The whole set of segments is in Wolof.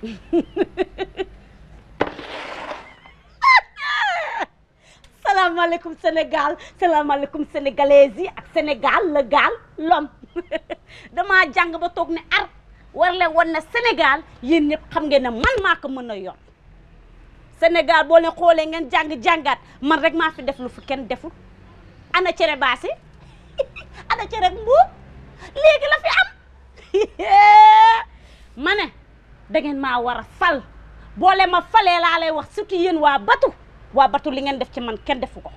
salaamaaleykum Sénégal salaamaaleykum sénégalaises yi ak Sénégal la gaal lom damaa jàng ba toog ne ar war leen woon na Sénégal yéen ñëpp xam ngeen ne man maa ko mën a yor Sénégal boo leen xoolee ngeen jàng jàngaat man rek maa fi def lu fi kenn deful ana cere baasi ana cere mbuur léegi la fi am. dangeen ma war a fal boole ma falee laa lay wax surtout yéen waa batu waa batu li ngeen def ci man kenn defu ko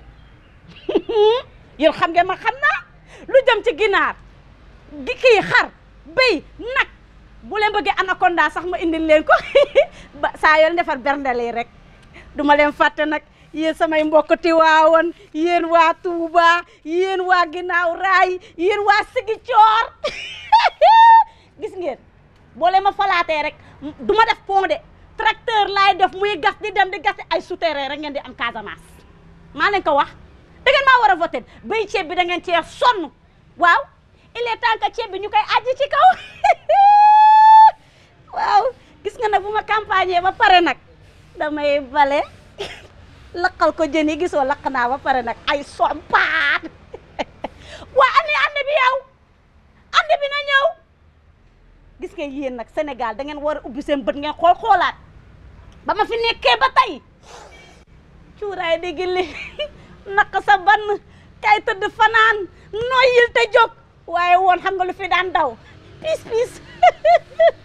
yéen xam ngeen ma xam naa lu jëm ci ginaar gi kii xar béy nag bu leen bëggee anaconda sax ma indil leen ko ba saa yoon defar berndale rek duma leen fàtte nag yéen samay mbokk Tiwaawan yéen waa Touba yéen waa ginnaaw raay yéen waa Sigicoor gis ngeen boole ma falaatee rek du ma def pont de tracteur laay def muy gas di dem di gas ay souterrain rek ngeen di am Casamance maa leen ko wax da maa war a voté béy ceeb bi da ngeen cee waaw il est temps ceeb bi ñu koy ajji ci kaw waaw gis nga nag bu ma campagne ba pare nag damay bale laqal ko jën yi gisoo laq naa ba pare nag ay sompaat waa andi ànd bi yow na ñëw gis ngeen yéen nag senegal da ngeen war a ubbi seen bët ngeen xool xoolaat ba ma fi nekkee ba tey cuuraay di gilli naq sa bann kay tëdd fanaan nooyil te jóg waaye woon xam lu fi daan daw piis